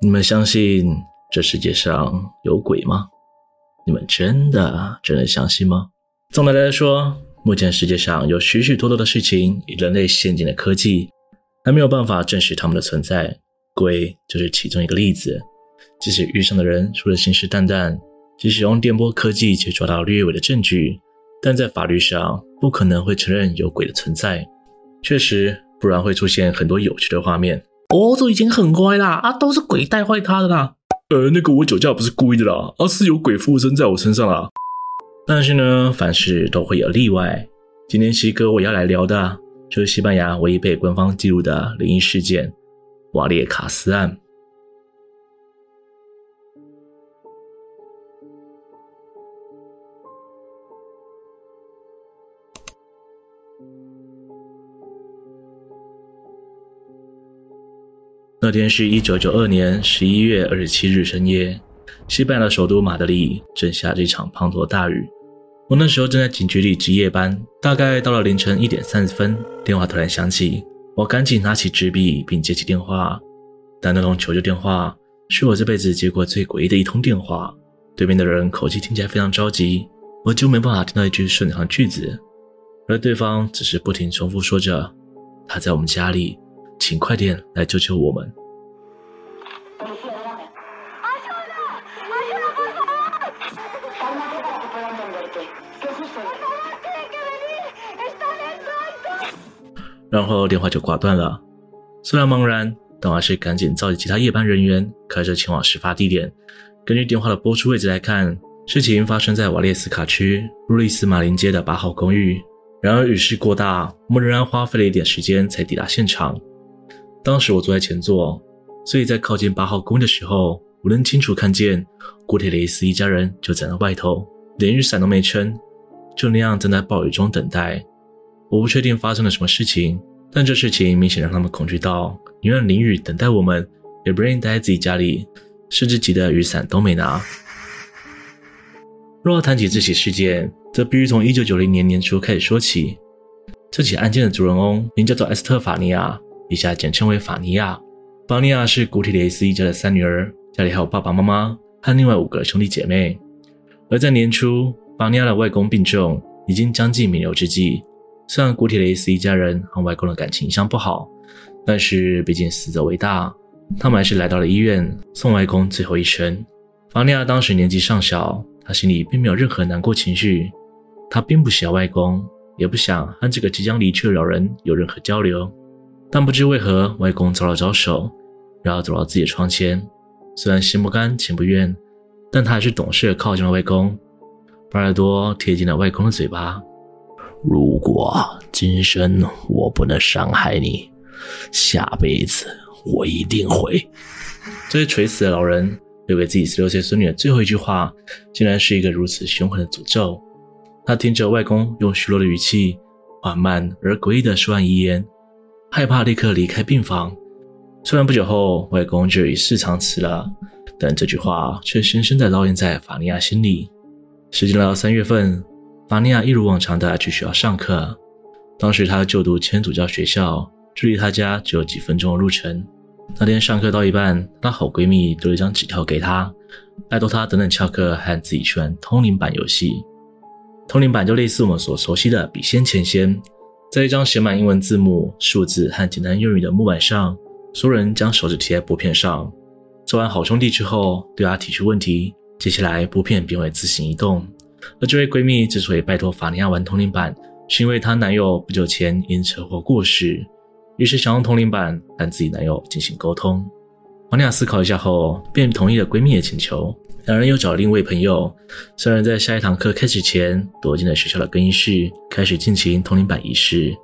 你們相信這世界上有鬼嗎？你們真的真的相信嗎？總的來，來說，目前世界上有許許多多的事情，以人類先進的科技還沒有辦法證實他們的存在，鬼就是其中一個例子。即使遇上的人說的信誓旦旦，即使用電波科技去抓到略微的證據，但在法律上不可能會承認有鬼的存在。確實，不然會出現很多有趣的畫面。我都、哦、已經很乖啦，啊，都是鬼帶壞他的啦。呃，那個我酒駕不是故意的啦，啊是有鬼附身在我身上啦，啊。但是呢，凡事都會有例外。今天西哥我要來聊的，就是西班牙唯一被官方記錄的靈異事件——瓦列卡斯案。那天是1992年11月27日深夜，西班牙的首都馬德里正下着一場滂沱大雨。我那時候正在警局裡值夜班，大概到了凌晨一點三十分，電話突然響起，我趕緊拿起紙筆並接起電話。但那通求救電話是我這輩子接過最詭異的一通電話。對面的人口氣聽起來非常着急，我就沒辦法聽到一句順暢的句子，而對方只是不停重複說着：“他在我們家裡。”請快點來救救我們！然後電話就掛斷了。雖然茫然，但還是趕緊召集其他夜班人員，開車前往事發地點。根據電話的播出位置來看，事情發生在瓦列斯卡區布里斯馬林街的八號公寓。然而雨勢過大，莫瑞安花費了一點時間才抵達現場。當時我坐在前座，所以在靠近八號公寓的時候，我能清楚看見古鐵雷斯一家人就站在外頭，連雨傘都沒撐，就那樣站在暴雨中等待。我不確定發生了什麼事情，但這事情明顯讓他們恐懼到寧願淋雨等待我們，也不願意待在自己家裡，甚至急得雨傘都沒拿。若要談起這起事件，則必須從一九九零年年初開始說起。這起案件的主人翁，名叫做埃斯特法尼亞。以下簡稱為法尼亞。法尼亞是古鐵雷斯一家的三女兒，家裡還有爸爸媽媽和另外五個兄弟姐妹。而在年初，法尼亞的外公病重，已經將近彌留之際。雖然古鐵雷斯一家人和外公的感情一向不好，但是畢竟死者為大，他們還是來到了醫院送外公最後一程。法尼亞當時年紀尚小，她心裡並沒有任何難過情緒，她並不喜歡外公，也不想和這個即將離去的老人有任何交流。但不知為何，外公招了招手，然後走到自己的窗前。雖然心不甘情不願，但他還是懂事的靠近了外公，把耳朵貼近了外公的嘴巴。如果今生我不能傷害你，下輩子我一定會。這位垂死的老人留給自己十六歲孫女的最後一句話，竟然是一個如此兇狠的詛咒。他聽着外公用虛弱的語氣、緩慢而詭異的說完遺言。害怕立刻離開病房。雖然不久後外公就與世長辭了，但這句話卻深深地烙印在法尼亞心裡。時間來到三月份，法尼亞一如往常地去學校上課。當時她就讀天主教學校，距離她家只有幾分鐘的路程。那天上課到一半，她好閨蜜丟了張紙條給她，拜託她等等翹課，和自己去玩通靈版遊戲。通靈版就類似我們所熟悉的筆仙、錢仙。在一張寫滿英文字母、數字和簡單用語的木板上，所有人將手指貼在布片上，做完“好兄弟”之後，對他提出問題。接下來，布片便會自行移動。而這位閨蜜之所以拜托法尼亞玩通靈板，是因為她男友不久前因車禍過世，於是想用通靈板跟自己男友進行溝通。法尼亞思考一下後，便同意了閨蜜的請求。兩人又找了另一位朋友，三人在下一堂課開始前躲進了學校的更衣室，開始進行通靈板儀式。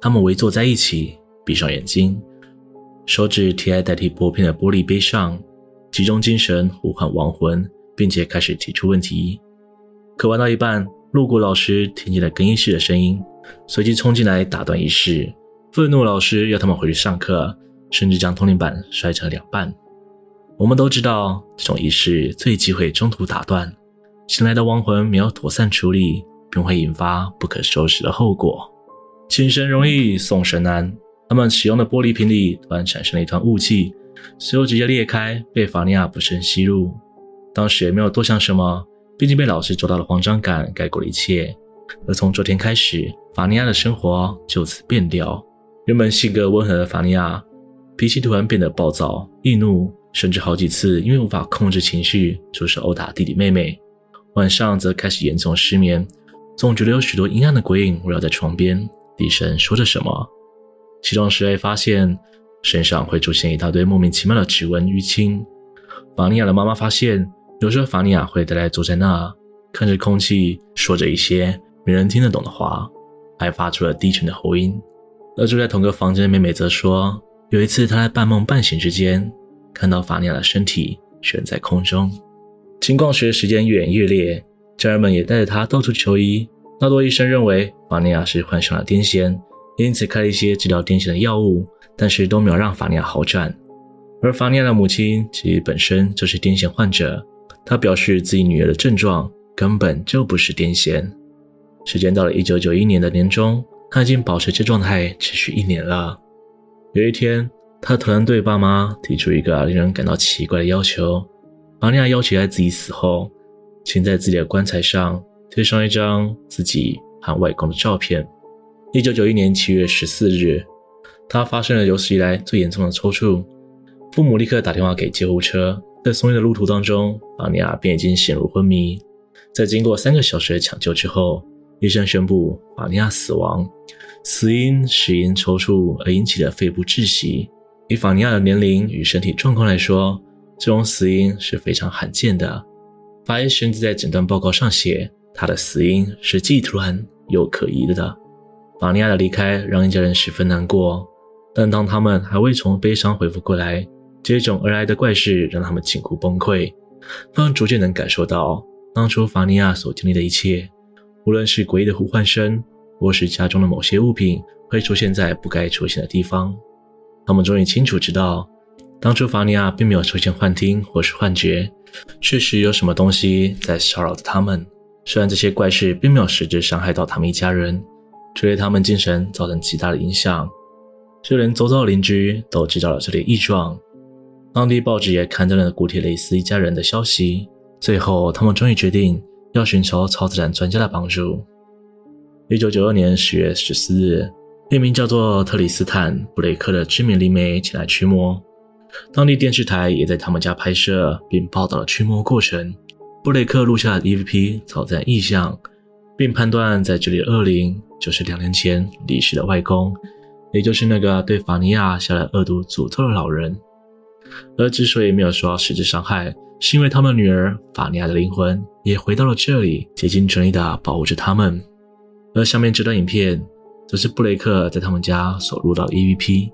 他們圍坐在一起，閉上眼睛，手指貼在代替薄片的玻璃杯上，集中精神呼喚亡魂，並且開始提出問題。可玩到一半，路過老師聽見了更衣室的聲音，隨即衝進來打斷儀式，憤怒老師要他們回去上課，甚至將通靈板摔成兩半。我們都知道，這種儀式最忌諱中途打斷。新來的亡魂沒有妥善處理，便會引發不可收拾的後果。請神容易送神難。他們使用的玻璃瓶裡突然產生了一團霧氣，隨後直接裂開，被法尼亞不慎吸入。當時也沒有多想什麼，畢竟被老師抓到了慌張感蓋過了一切。而從昨天開始，法尼亞的生活就此變調。原本性格溫和的法尼亞，脾氣突然變得暴躁易怒。甚至好幾次因為無法控制情緒，就是毆打弟弟妹妹。晚上則開始嚴重失眠，總覺得有許多陰暗的鬼影圍繞在床邊，低聲說着什麼。起床時會發現身上會出現一大堆莫名其妙的指紋淤青。法尼亞的媽媽發現，有時候法尼亞會呆呆坐在那看着空氣，說着一些沒人聽得懂的話，還發出了低沉的喉音。而住在同個房間的妹妹則說，有一次她在半夢半醒之間。看到法尼亞的身體懸在空中，情況隨着時間愈演愈烈，家人們也帶着她到處求醫。大多醫生認為法尼亞是患上了癲癇，因此開了一些治療癲癇的藥物，但是都沒有讓法尼亞好轉。而法尼亞的母親其實本身就是癲癇患者，她表示自己女兒的症狀根本就不是癲癇。時間到了1991年的年中，她已經保持這狀態持續一年了。有一天。他突然對爸媽提出一個令人感到奇怪的要求。瑪利亞要求在自己死後，請在自己的棺材上貼上一張自己和外公的照片。一九九一年七月十四日，他發生了有史以來最嚴重的抽搐，父母立刻打電話給救護車。在送醫的路途當中，瑪利亞便已經陷入昏迷。在經過三個小時的搶救之後，醫生宣布瑪利亞死亡，死因是因抽搐而引起的肺部窒息。以法尼亞的年齡與身體狀況來說，這種死因是非常罕見的。法醫甚至在診斷報告上寫，他的死因是既突然又可疑的的。法尼亞的離開讓一家人十分難過，但當他們還未從悲傷恢復過來，接踵而來的怪事讓他們近乎崩潰。他們逐漸能感受到，當初法尼亞所經歷的一切，無論是詭異的呼喚聲，或是家中的某些物品會出現在不該出現的地方。他們終於清楚知道，當初法尼亞並沒有出現幻聽或是幻覺，確實有什麼東西在騷擾着他們。雖然這些怪事並沒有實質傷害到他們一家人，這對他們精神造成極大的影響。就連周遭的鄰居都知道了這裡的異狀，當地報紙也刊登了古鐵雷斯一家人的消息。最後，他們終於決定要尋求超自然專家的幫助。一九九二年十月十四日。一名叫做特裡斯坦·布雷克的知名靈媒前來驅魔，當地電視台也在他們家拍攝並報道了驅魔過程。布雷克錄下了 EVP 草案異象，並判斷在這裡的惡靈就是兩年前離世的外公，也就是那個對法尼亞下了惡毒詛咒的老人。而之所以沒有受到實質傷害，是因為他們的女兒法尼亞的靈魂也回到了這裡，竭盡全力地保護着他們。而下面這段影片。則是布雷克在他們家所錄到的 EVP。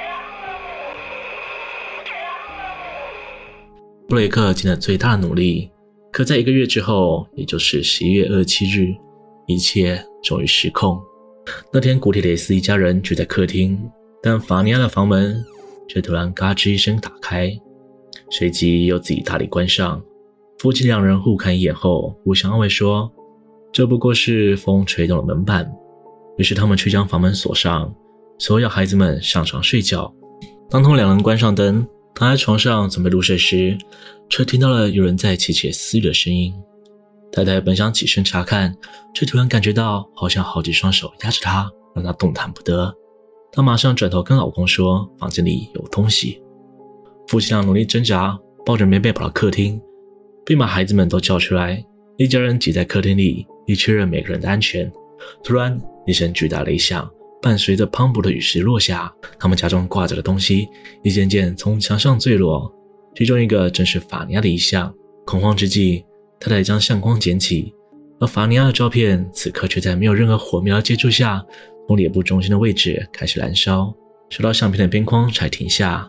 布雷克盡了最大的努力，可在一個月之後，也就是十一月二十七日，一切終於失控。那天，古鐵雷斯一家人聚在客廳，但法尼亞的房門卻突然嘎吱一聲打開，隨即又自己大力關上。夫妻兩人互看一眼後，互相安慰說。這不過是風吹動了門板，於是他們卻將房門鎖上。說要孩子們上床睡覺。當他們兩人關上燈，躺在床上準備入睡時，卻聽到了有人在竊竊私語的聲音。太太本想起身查看，卻突然感覺到好像好幾雙手壓着她，讓她動彈不得。她馬上轉頭跟老公說：“房間裡有東西。”夫妻倆努力掙扎，抱着棉被跑到客廳，並把孩子們都叫出來。一家人擠在客廳裡，以確認每個人的安全。突然，一聲巨大雷響，伴隨着磅礴的雨勢落下，他們家中掛着的東西一件件從牆上墜落，其中一個正是法尼亞的遺像。恐慌之際，太太將相框撿起，而法尼亞的照片此刻卻在沒有任何火苗接觸下，從臉部中心的位置開始燃燒，直到相片的邊框才停下。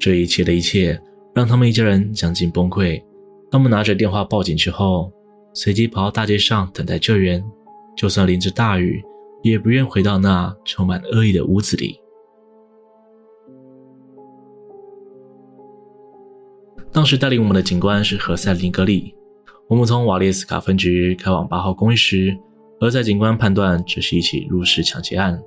這一切的一切，讓他們一家人將近崩潰。他們拿着電話報警之後。隨即跑到大街上等待救援，就算淋着大雨，也不願回到那充滿惡意的屋子裡。當時帶領我們的警官是何塞·林格利。我們從瓦利斯卡分局開往八號公寓時，何塞警官判斷這是一起入室搶劫案，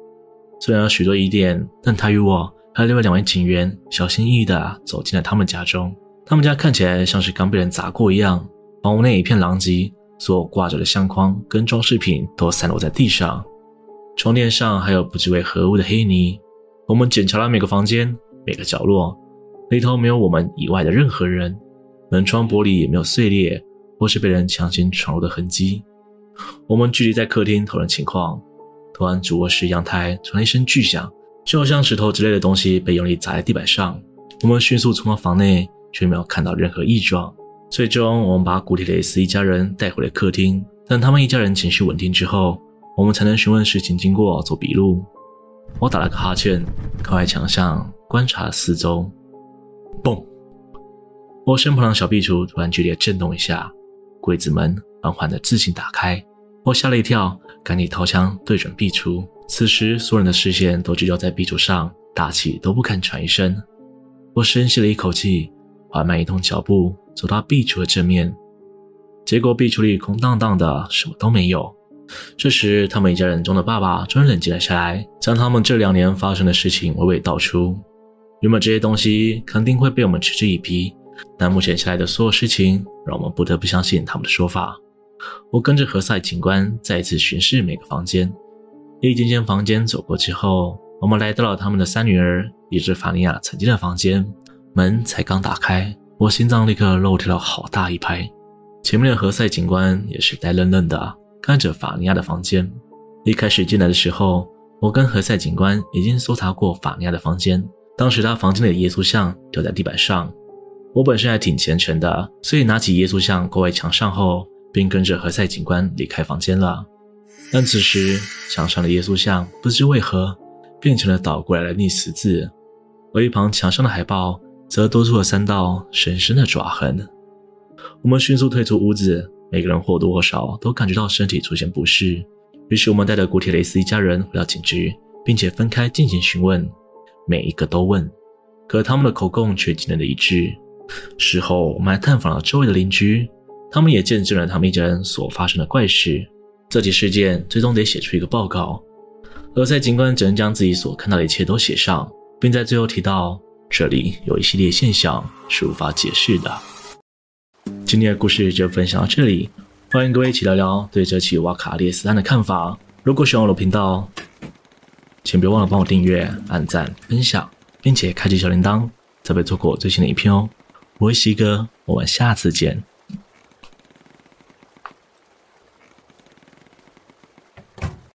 雖然有許多疑點，但他與我還有另外兩位警員小心翼翼的走進了他們家中。他們家看起來像是剛被人砸過一樣。房屋內一片狼藉，所有掛着的相框跟裝飾品都散落在地上，床墊上還有不知為何物的黑泥。我們檢查了每個房間、每個角落，裡頭沒有我們以外的任何人。門窗玻璃也沒有碎裂或是被人強行闖入的痕跡。我們聚集在客廳討論情況，突然主臥室陽台傳來一聲巨響，就好像石頭之類的東西被用力砸在地板上。我們迅速衝到房內，卻沒有看到任何異狀。最終，我們把古鐵雷斯一家人帶回了客廳。等他們一家人情緒穩定之後，我們才能詢問事情經過、做筆錄。我打了個哈欠，靠在牆上觀察了四周。嘣！我身旁的小壁櫥突然劇烈震動一下，櫃子門緩緩的自行打開。我嚇了一跳，趕緊掏槍對準壁櫥。此時，所有人的視線都聚焦在壁櫥上，大氣都不敢喘一聲。我深吸了一口氣，緩慢移動腳步。走到壁櫥的正面，結果壁櫥裡空蕩蕩的，什麼都沒有。這時，他們一家人中的爸爸終於冷靜了下來，將他們這兩年發生的事情娓娓道出。原本這些東西肯定會被我們嗤之以鼻，但目前下來的所有事情，讓我們不得不相信他們的說法。我跟着何塞警官再一次巡視每個房間，一間間房間走過之後，我們來到了他們的三女兒，伊芝法尼亞曾經的房間，門才剛打開。我心臟立刻漏跳了好大一拍，前面的何塞警官也是呆愣愣的看着法尼亞的房間。一開始進來的時候，我跟何塞警官已經搜查過法尼亞的房間，當時他房間裡的耶穌像掉在地板上。我本身還挺虔誠的，所以拿起耶穌像掛在牆上後，便跟着何塞警官離開房間了。但此時牆上的耶穌像不知為何變成了倒過來的逆十字，而一旁牆上的海報。則多出了三道深深的爪痕。我們迅速退出屋子，每個人或多或少都感覺到身體出現不適。於是我們帶着古鐵雷斯一家人回到警局，並且分開進行詢問，每一個都問，可他們的口供卻驚人的一致。事後我們還探訪了周圍的鄰居，他們也見證了他們一家人所發生的怪事。這起事件最終得寫出一個報告，而何塞警官只能將自己所看到的一切都寫上，並在最後提到。這裡有一系列現象是無法解釋的。今天的故事就分享到這裡，歡迎各位一起聊聊對這起瓦卡列斯案的看法。如果喜歡我的頻道，請別忘了幫我訂閱、按讚、分享，並且開啟小鈴鐺，再別錯過我最新的影片哦。我是西哥，我們下次見。